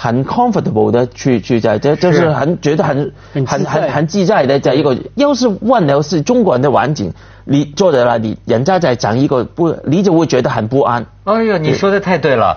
很 comfortable 的去，去去在這就就是很，覺得很很很很自在的在一個，要是換了，是中國人的環境，你坐在那裡，人家在講一個不，你就會覺得很不安。哎、哦、呦，你說的太對了。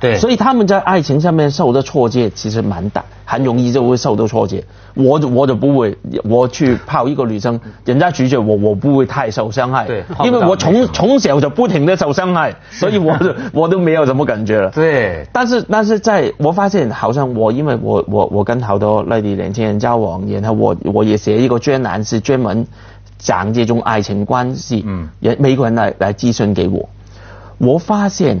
對，所以他們在愛情上面受的挫折其實蠻大，很容易就會受到挫折。我我就不會，我去泡一個女生，人家拒絕我，我不會太受傷害。對。因為我從從 小就不停的受傷害，所以我我都沒有什麼感覺了。對，但是但是在我發現，好像我因為我我我跟好多內地年輕人交往，然後我我也寫一個專欄，是專門講這種愛情關係。嗯。也每個人來嚟諮詢給我，我發現。